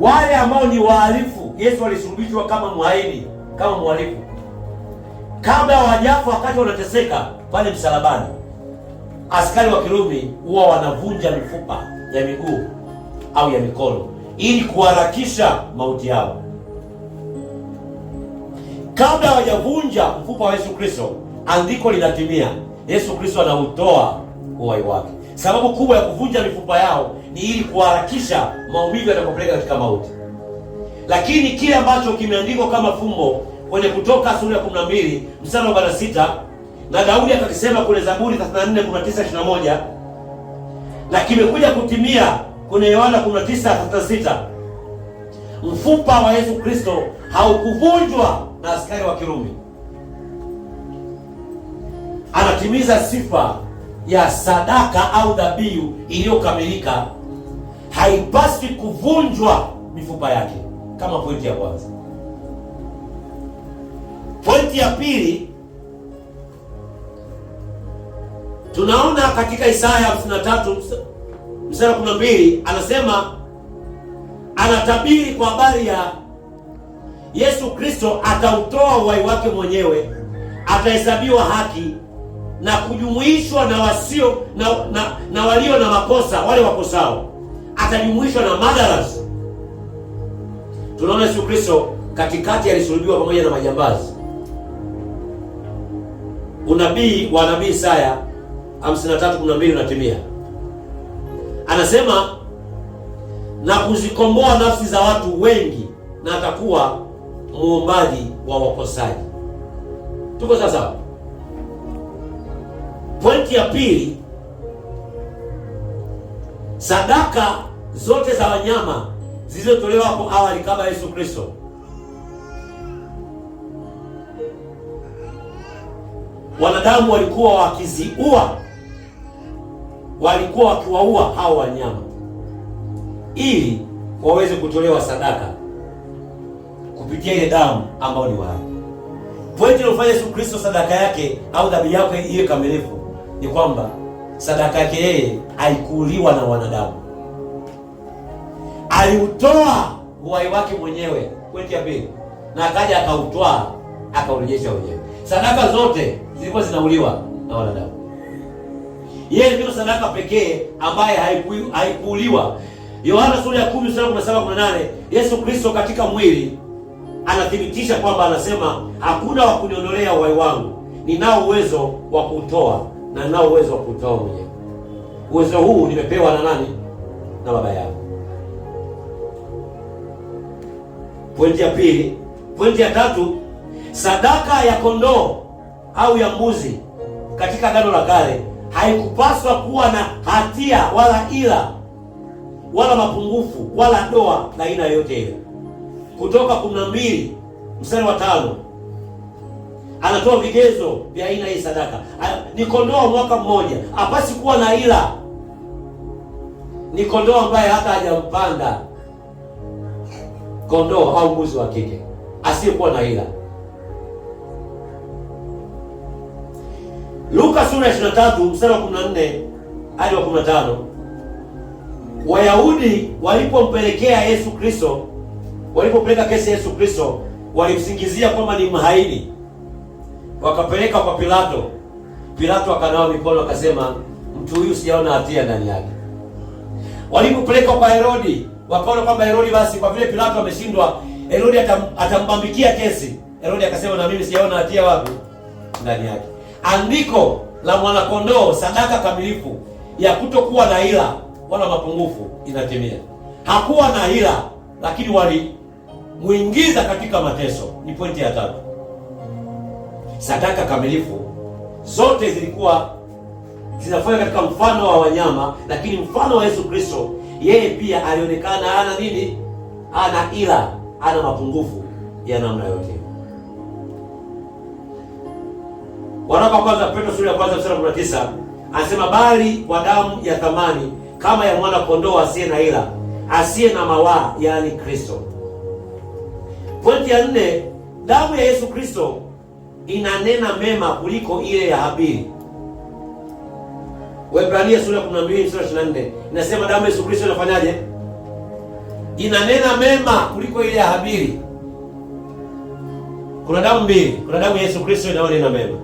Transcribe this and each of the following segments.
wale ambao ni wahalifu. Yesu alisulubishwa kama mhaini, kama mhalifu, kabla wajafu, Wakati wanateseka pale msalabani, askari wa Kirumi huwa wanavunja mifupa ya miguu au ya mikono ili kuharakisha mauti yao. Kabla hawajavunja mfupa wa Yesu Kristo, andiko linatimia. Yesu Kristo anautoa uhai wake. Sababu kubwa ya kuvunja mifupa yao ni ili kuharakisha maumivu yanapopeleka katika mauti. Lakini kile ambacho kimeandikwa kama fumbo kwenye Kutoka sura ya 12 mstari wa 46 na Daudi akakisema kule Zaburi 34 na kimekuja kutimia kwenye Yohana 19:36 mfupa wa Yesu Kristo haukuvunjwa na askari wa Kirumi. Anatimiza sifa ya sadaka au dhabihu iliyokamilika haipaswi kuvunjwa mifupa yake, kama pointi ya kwanza. Pointi ya pili, tunaona katika Isaya 53 mstari 12 anasema, anatabiri kwa habari ya Yesu Kristo, atautoa uhai wake mwenyewe, atahesabiwa haki na kujumuishwa na wasio na, na, na walio na makosa wale wakosao, atajumuishwa na madaras. Tunaona Yesu Kristo katikati alisulubiwa pamoja na majambazi. Unabii wa nabii Isaya 53:12 unatimia, anasema na kuzikomboa nafsi za watu wengi, na atakuwa muombaji wa wakosaji. Tuko sasa Pointi ya pili, sadaka zote za wanyama zilizotolewa hapo awali kama Yesu Kristo wanadamu walikuwa wakiziua, walikuwa wakiwaua hao wanyama ili waweze kutolewa sadaka kupitia ile damu ambayo ni wao. Pointi iliyofanya Yesu Kristo sadaka yake au dhabihu yake iwe kamilifu ni kwamba sadaka yake yeye haikuuliwa na wanadamu, aliutoa uhai wake mwenyewe. Pointi ya pili, na akaja akautwaa akaurejesha wenyewe. Sadaka zote zilikuwa zinauliwa na wanadamu, yeye ndio sadaka pekee ambaye haikuuliwa. Yohana sura ya 10 mstari wa 17 Yesu Kristo katika mwili anathibitisha kwamba anasema, hakuna wa kuniondolea uhai wangu, ninao uwezo wa kutoa na ninao uwezo wa kutoa mwenyewe. Uwezo huu nimepewa na nani? Na baba yangu. Pointi ya pili. Pointi ya tatu, sadaka ya kondoo au ya mbuzi katika Agano la Kale haikupaswa kuwa na hatia wala ila wala mapungufu wala doa la aina yoyote ile. Kutoka 12 mstari wa tano anatoa vigezo vya aina hii sadaka. Ni kondoo mwaka mmoja, hapasi kuwa na ila. Ni kondoo ambaye hata hajampanda, kondoo au mbuzi wa kike asiyekuwa na ila. Luka sura ya 23 mstari wa 14 hadi wa 15. Wayahudi walipompelekea Yesu Kristo, walipopeleka kesi Yesu Kristo, walimsingizia kwamba ni mhaini wakapeleka kwa Pilato. Pilato akanawa mikono akasema, mtu huyu sijaona hatia ndani yake. Walipopeleka kwa Herodi, wakaona kwamba Herodi, basi kwa vile Pilato ameshindwa, Herodi atam, atambambikia kesi. Herodi akasema, na mimi sijaona hatia wapi ndani yake. Andiko la mwanakondoo, sadaka kamilifu ya kutokuwa na hila wala mapungufu inatimia. Hakuwa na hila, lakini walimwingiza katika mateso. Ni pointi ya tatu sadaka kamilifu zote zilikuwa zinafanya katika mfano wa wanyama, lakini mfano wa Yesu Kristo, yeye pia alionekana ana nini? Ana ila, ana mapungufu ya namna yote. Waraka wa kwanza Petro sura ya kwanza mstari wa 19 anasema, bali kwa damu ya thamani kama ya mwana kondoo asiye na ila, asiye na mawaa, yaani Kristo. Pointi ya nne, damu ya Yesu Kristo inanena mema kuliko ile ya Habili. Waebrania sura ya 12 sura 24 inasema damu ya Yesu Kristo inafanyaje? Inanena mema kuliko ile ya Habili. Kuna damu mbili, kuna damu ya Yesu Kristo inayonena mema.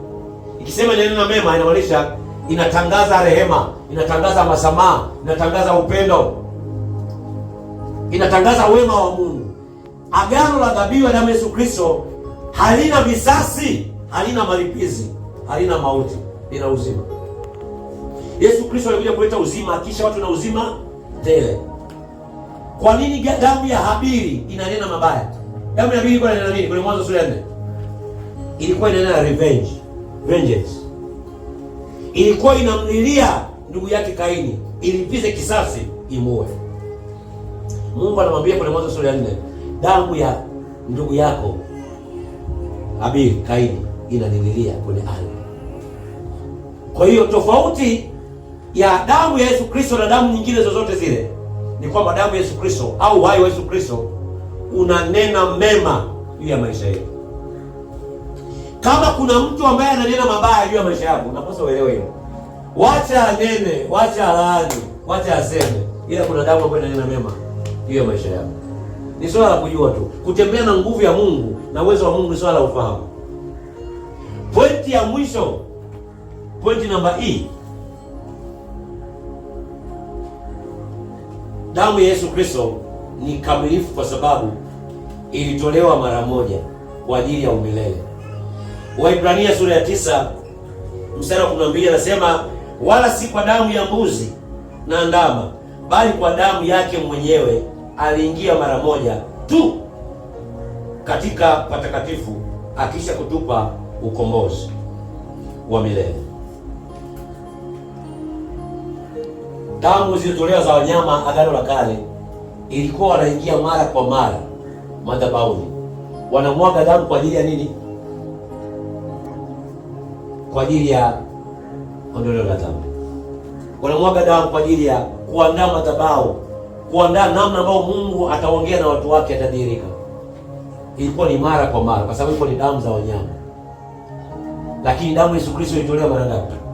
Ikisema inanena mema, inamaanisha inatangaza rehema, inatangaza masamaha, inatangaza upendo, inatangaza wema wa Mungu. Agano la dhabihu ya damu Yesu Kristo halina visasi halina malipizi, halina mauti, lina uzima. Yesu Kristo alikuja kuleta uzima, akisha watu na uzima tele. Kwa nini damu ya Habili inanena mabaya? Damu ya Habili inanena nini? Kwenye Mwanzo sura ya nne ilikuwa inanena revenge, vengeance, ilikuwa inamlilia ndugu yake Kaini ilipize kisasi, imuue. Mungu anamwambia kwenye Mwanzo sura ya nne, damu ya ndugu yako Habili, Kaini inaning'inia kwenye ardhi. Kwa hiyo tofauti ya damu ya Yesu Kristo na damu nyingine zozote zile ni kwamba damu ya Yesu Kristo au uhai wa Yesu Kristo unanena mema juu ya maisha yetu. Kama kuna mtu ambaye ananena mabaya juu ya maisha yako, unapaswa uelewe hilo. Wacha anene, wacha alaani, wacha aseme, ila kuna damu ambayo inanena mema juu ya maisha yako. Ni swala la kujua tu. Kutembea na nguvu ya Mungu na uwezo wa Mungu ni swala la ufahamu. Pointi ya mwisho, pointi namba E, damu ya Yesu Kristo ni kamilifu kwa sababu ilitolewa mara moja kwa ajili ya umilele. Waibrania sura ya tisa mstari wa 12 anasema, wala si kwa damu ya mbuzi na ndama, bali kwa damu yake mwenyewe aliingia mara moja tu katika patakatifu, akisha kutupa ukombozi wa milele. Damu zilizotolewa za wanyama Agano la Kale ilikuwa wanaingia mara kwa mara madhabahuni, wanamwaga damu kwa ajili ya nini? Kwa ajili ya ondoleo la dhambi. Wanamwaga damu kwa ajili ya kuandaa madhabahu, kuandaa namna ambayo Mungu ataongea na watu wake, atadhihirika. Ilikuwa ni mara kwa mara, kwa sababu ilikuwa ni damu za wanyama lakini damu Yesu Kristo ilitolewa mara ngapi?